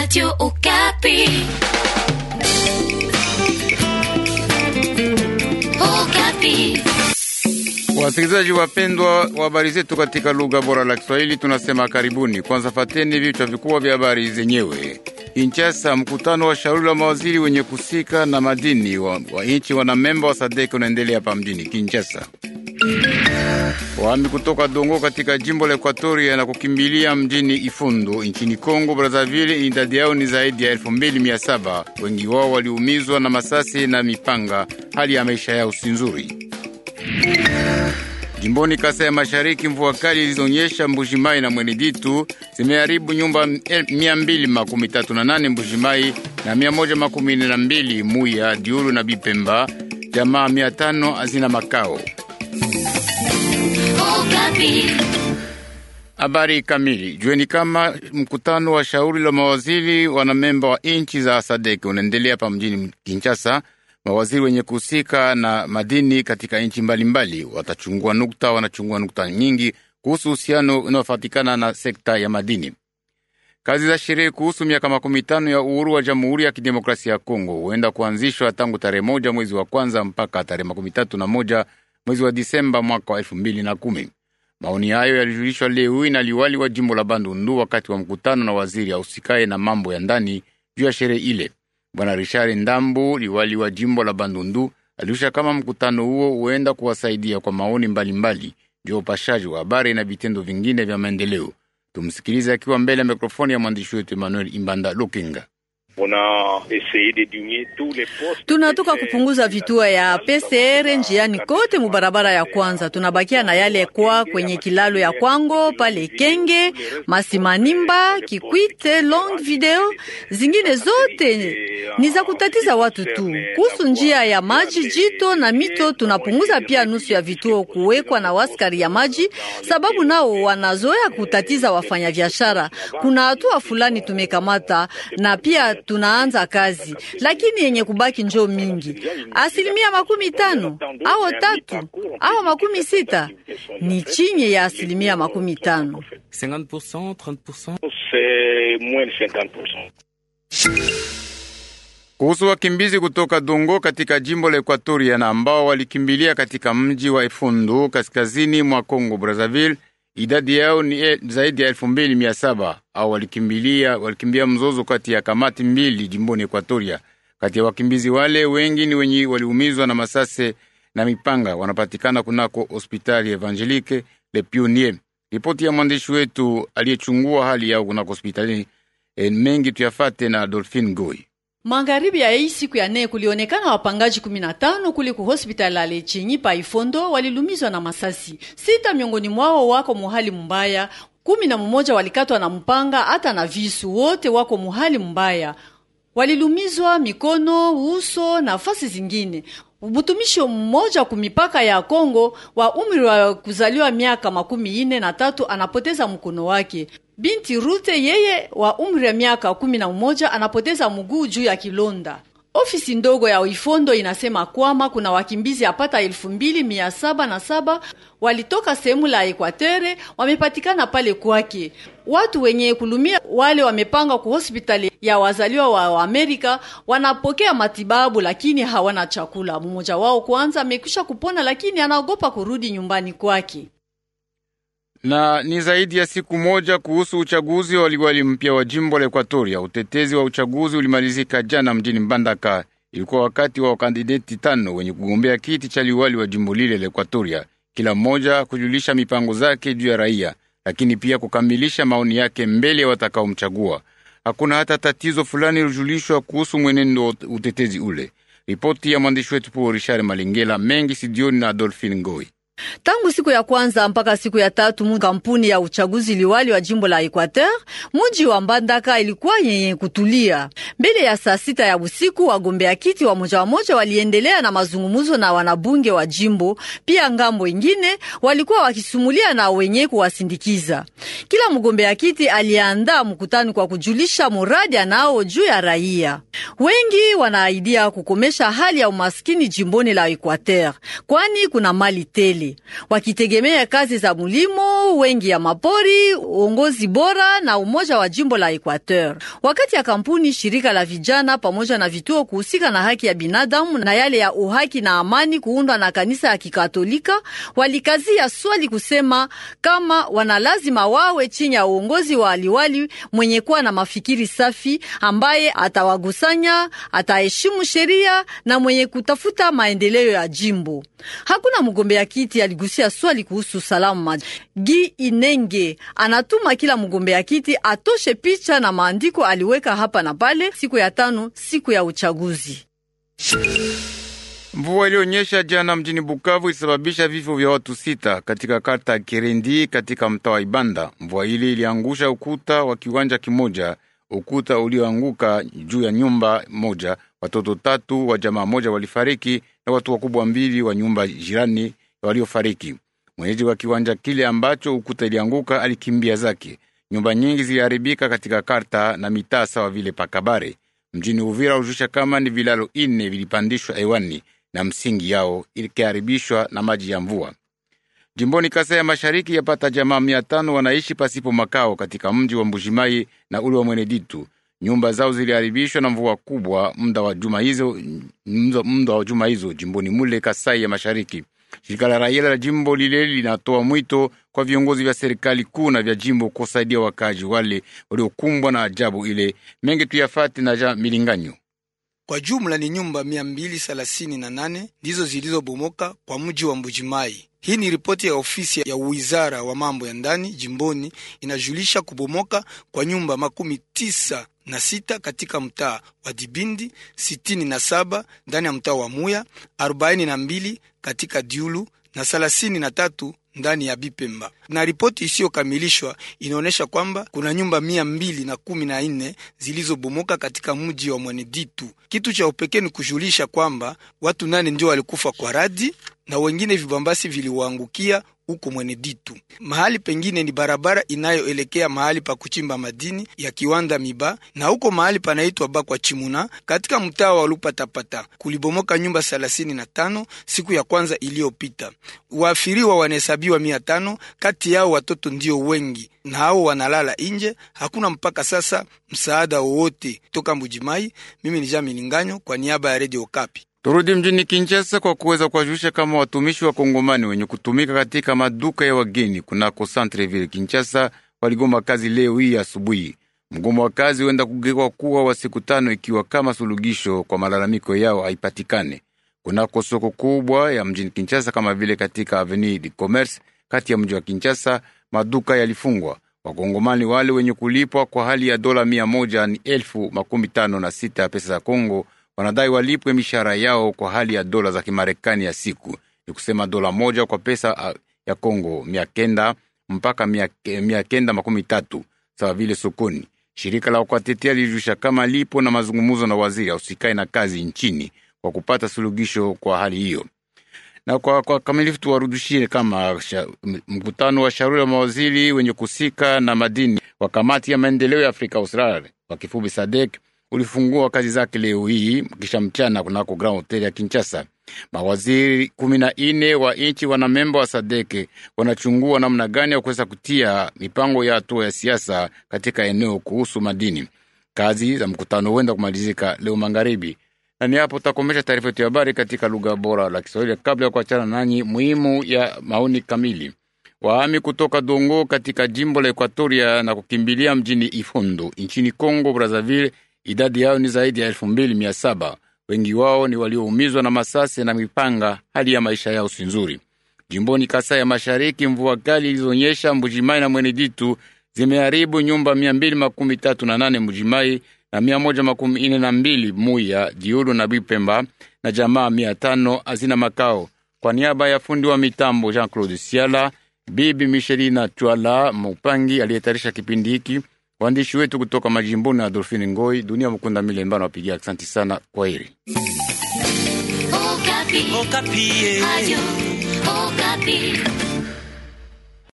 Radio Okapi. Okapi. Wasikilizaji wapendwa wa habari zetu katika lugha bora la Kiswahili, tunasema karibuni. Kwanza fateni vichwa vikubwa vya habari zenyewe. Inchasa, mkutano wa shauri la mawaziri wenye kusika na madini wa, wa nchi memba wa Sadeki unaendelea hapa mjini Kinchasa. Wami kutoka Dongo katika jimbo la Ekuatoria na kukimbilia mjini Ifundu nchini Kongo Brazzaville. Idadi yao ni zaidi ya 2700 Wengi wao waliumizwa na masasi na mipanga. Hali ya maisha yao si nzuri. Jimboni Kasa ya Mashariki, mvua kali zilizonyesha Mbujimai na Mweneditu zimeharibu nyumba 238 Mbujimai na 142 Muya, Diuru na Bipemba. Jamaa 500 hazina makao. Habari kamili. Jueni kama mkutano wa shauri la mawaziri wanamemba wa nchi za Sadek unaendelea hapa mjini Kinshasa. Mawaziri wenye kuhusika na madini katika nchi mbalimbali watachungua nukta, wanachungua nukta nyingi kuhusu uhusiano unaofatikana na sekta ya madini. Kazi za sherehe kuhusu miaka makumi tano ya uhuru wa Jamhuri ya Kidemokrasia ya Kongo huenda kuanzishwa tangu tarehe moja mwezi wa kwanza mpaka tarehe makumi tatu na moja mwezi wa Disemba mwaka wa elfu mbili na kumi. Maoni hayo yalijulishwa leo na liwali wa jimbo la Bandundu wakati wa mkutano na waziri ausikaye na mambo ya ndani juu ya sherehe ile. Bwana Richard Ndambu, liwali wa jimbo la Bandundu, aliusha kama mkutano huo huenda kuwasaidia kwa maoni mbalimbali juu ya upashaji wa habari na vitendo vingine vya maendeleo. Tumsikilize akiwa mbele ya mikrofoni ya mwandishi wetu Emmanuel Imbanda Lukinga tunatoka kupunguza vituo ya PCR njiani kote mubarabara ya kwanza, tunabakia na yale kwa kwenye kilalo ya Kwango pale Kenge, Masimanimba, Kikwite, Long Video, zingine zote eh, ni za kutatiza watu tu. Kuhusu njia ya maji, jito na eh, mito, tunapunguza pia nusu ya vituo kuwekwa na waskari ya maji, sababu nao wanazoea eh, kutatiza wafanyabiashara. Kuna hatua fulani tumekamata na pia tunaanza kazi, lakini yenye kubaki njo mingi, asilimia makumi tano au tatu au makumi sita ni chini ya asilimia makumi tano. Kuhusu wakimbizi kutoka Dongo katika jimbo la Ekuatoria na ambao walikimbilia katika mji wa Ifundu kaskazini mwa Kongo Brazzaville Idadi yao ni e, zaidi ya elfu mbili mia saba au walikimbilia walikimbia mzozo kati ya kamati mbili jimboni Ekuatoria. Kati ya wakimbizi wale wengi ni wenye waliumizwa na masase na mipanga, wanapatikana kunako hospitali Evangelique Le Pionier. Ripoti ya mwandishi wetu aliyechungua hali yao kunako hospitali eh, mengi tuyafate na Dolphine Goy. Magharibi ya hii siku ya nne kulionekana wapangaji 15 kule ku hospitali ya Lechinyi pa Ifondo walilumizwa na masasi. Sita miongoni mwao wako muhali mbaya, kumi na mmoja walikatwa na mpanga hata na visu, wote wako muhali mbaya. Walilumizwa mikono, uso na fasi zingine. Mtumishi mmoja kumipaka ya Kongo wa umri wa kuzaliwa miaka makumi ine na tatu anapoteza mkono wake. Binti Rute yeye wa umri wa miaka kumi na mmoja anapoteza mguu juu ya kilonda. Ofisi ndogo ya Ifondo inasema kwamba kuna wakimbizi apata elfu mbili mia saba na saba walitoka sehemu la Ekwatere wamepatikana pale kwake. Watu wenye kulumia wale wamepanga ku hospitali ya wazaliwa wa Amerika wanapokea matibabu, lakini hawana chakula. Mmoja wao kwanza amekwisha kupona, lakini anaogopa kurudi nyumbani kwake na ni zaidi ya siku moja kuhusu uchaguzi wa liwali mpya wa jimbo la equatoria Utetezi wa uchaguzi ulimalizika jana mjini Mbandaka. Ilikuwa wakati wa wakandideti tano wenye kugombea kiti cha liwali wa jimbo lile la equatoria kila mmoja kujulisha mipango zake juu ya raia, lakini pia kukamilisha maoni yake mbele ya watakaomchagua. Hakuna hata tatizo fulani lilijulishwa kuhusu mwenendo wa utetezi ule. Ripoti ya mwandishi wetu Paul Richard Malingela mengi sidioni na Adolphine Ngoi. Tangu siku ya kwanza mpaka siku ya tatu kampuni ya uchaguzi liwali wa jimbo la Equateur muji wa Mbandaka ilikuwa yenye kutulia. Mbele ya saa sita ya usiku, wagombea kiti wa moja wa moja waliendelea na mazungumuzo na wanabunge wa jimbo. Pia ngambo ingine walikuwa wakisumulia na wenye kuwasindikiza. Kila mgombea kiti aliandaa mkutano kwa kujulisha muradi anao juu ya raia. Wengi wanaaidia kukomesha hali ya umaskini jimboni la Equateur, kwani kuna mali tele wakitegemea kazi za mulimo, wengi ya mapori, uongozi bora na umoja wa jimbo la Equateur. Wakati ya kampuni, shirika la vijana pamoja na vituo kuhusika na haki ya binadamu na yale ya uhaki na amani kuundwa na kanisa ya Kikatolika walikazia swali kusema kama wana lazima wawe chini ya uongozi wa aliwali mwenye kuwa na mafikiri safi ambaye atawagusanya, ataheshimu sheria na mwenye kutafuta maendeleo ya jimbo. Hakuna mgombea kiti aligusia swali kuhusu usalama. Gi Inenge anatuma kila mgombea kiti atoshe picha na maandiko aliweka hapa na pale, siku ya tano, siku ya uchaguzi. Mvua ilionyesha jana mjini Bukavu isababisha vifo vya watu sita katika kata ya Kirendi katika mtaa wa Ibanda. Mvua ili iliangusha ukuta wa kiwanja kimoja, ukuta ulioanguka juu ya nyumba moja. Watoto tatu wa jamaa moja walifariki na watu wakubwa mbili wa nyumba jirani waliofariki. Mwenyeji wa kiwanja kile ambacho ukuta ilianguka alikimbia zake. Nyumba nyingi ziliharibika katika karta na mitaa sawa vile Pakabare mjini Uvira. Hujusha kama ni vilalo ine vilipandishwa hewani na msingi yao ikiharibishwa na maji ya mvua. Jimboni Kasai ya Mashariki, yapata jamaa mia tano wanaishi pasipo makao katika mji wa mbujimai na ule wa Mweneditu. Nyumba zao ziliharibishwa na mvua kubwa muda wa juma hizo, muda wa juma hizo jimboni mule Kasai ya Mashariki. Shirika la raia la jimbo lile linatoa mwito kwa viongozi vya serikali kuu na vya jimbo kusaidia wakaji wale waliokumbwa na ajabu ile. Mengi tuyafate na ja milinganyo kwa jumla ni nyumba 238 ndizo zilizobomoka kwa mji wa Mbujimai. Hii ni ripoti ya ofisi ya wizara wa mambo ya ndani jimboni, inajulisha kubomoka kwa nyumba makumi tisa na sita katika mtaa wa Dibindi, sitini na saba ndani ya mtaa wa Muya, arobaini na mbili katika Diulu na thelathini na tatu ndani ya Bipemba, na ripoti isiyokamilishwa inaonyesha kwamba kuna nyumba mia mbili na kumi na nne zilizobomoka katika mji wa Mweneditu. Kitu cha upekee ni kujulisha kwamba watu nane ndio walikufa kwa radi na wengine vibambasi viliwaangukia huko Mweneditu. Mahali pengine ni barabara inayoelekea mahali pa kuchimba madini ya kiwanda Miba, na huko mahali panaitwa Bakwa Chimuna katika mtaa wa Lupatapata kulibomoka nyumba 35 siku ya kwanza iliyopita. Waafiriwa wanahesabiwa wa mia tano, kati yao watoto ndio wengi na hao wanalala inje. Hakuna mpaka sasa msaada wowote toka Mbujimai. Mimi ni Jean milinganyo kwa niaba ya Radio Kapi. Turudi mjini Kinshasa kwa kuweza kuwajulisha kama watumishi wa Kongomani wenye kutumika katika maduka ya wageni kunako Centreville Kinshasa waligoma kazi leo hii asubuhi. Mgomo wa kazi huenda kugeuka kuwa wa siku tano ikiwa kama sulugisho kwa malalamiko yao haipatikane kunako soko kubwa ya mjini Kinshasa kama vile katika Avenue du Commerce kati ya mji wa Kinshasa, maduka yalifungwa. Wakongomani wale wenye kulipwa kwa hali ya dola mia moja ni elfu makumi tano na sita ya pesa za Kongo wanadai walipwe mishahara yao kwa hali ya dola za Kimarekani ya siku, ni kusema dola moja kwa pesa ya Kongo mia kenda mpaka mia, mia kenda makumi tatu sawa vile sokoni. Shirika la kuwatetea lilijusha kama lipo na mazungumuzo na waziri ausikae na kazi nchini kwa kupata suluhisho kwa hali hiyo. Na kwa, kwa kamilifu tuwarudishie kama sha, mkutano wa shauri wa mawaziri wenye kusika na madini wa kamati ya maendeleo ya Afrika Austral kwa kifupi SADEK ulifungua kazi zake leo hii kisha mchana kunako Grand Hotel ya Kinshasa. Mawaziri kumi na nne wa nchi wanamemba wa SADC wanachungua namna gani ya kuweza kutia mipango ya hatua ya siasa katika eneo kuhusu madini. Kazi za mkutano huenda kumalizika leo magharibi na ni hapo tutakomesha taarifa yetu ya habari katika lugha bora la Kiswahili. Kabla ya kuachana nanyi, muhimu ya maoni kamili. Wahami kutoka Dongo katika jimbo la Ekuatoria na kukimbilia mjini ifundu nchini Kongo Brazzaville, idadi yao ni zaidi ya elfu mbili mia saba. Wengi wao ni walioumizwa na masasi na mipanga, hali ya maisha yao si nzuri. Jimboni kasa ya Mashariki, mvua kali ilizonyesha Mbujimai na Mweneditu zimeharibu nyumba mia mbili makumi tatu na nane Mbujimai na mia moja makumi ine na mbili Muya Jiulu na Bipemba na jamaa mia tano hazina makao. Kwa niaba ya fundi wa mitambo Jean Claude Siala, bibi Michelina Twala Mupangi aliyetarisha kipindi hiki, waandishi wetu kutoka majimbuni na Adolfine Ngoi, Dunia Mukunda Milemba wapigia asanti sana. Kwa heri. Okapi. Okapi. Eh.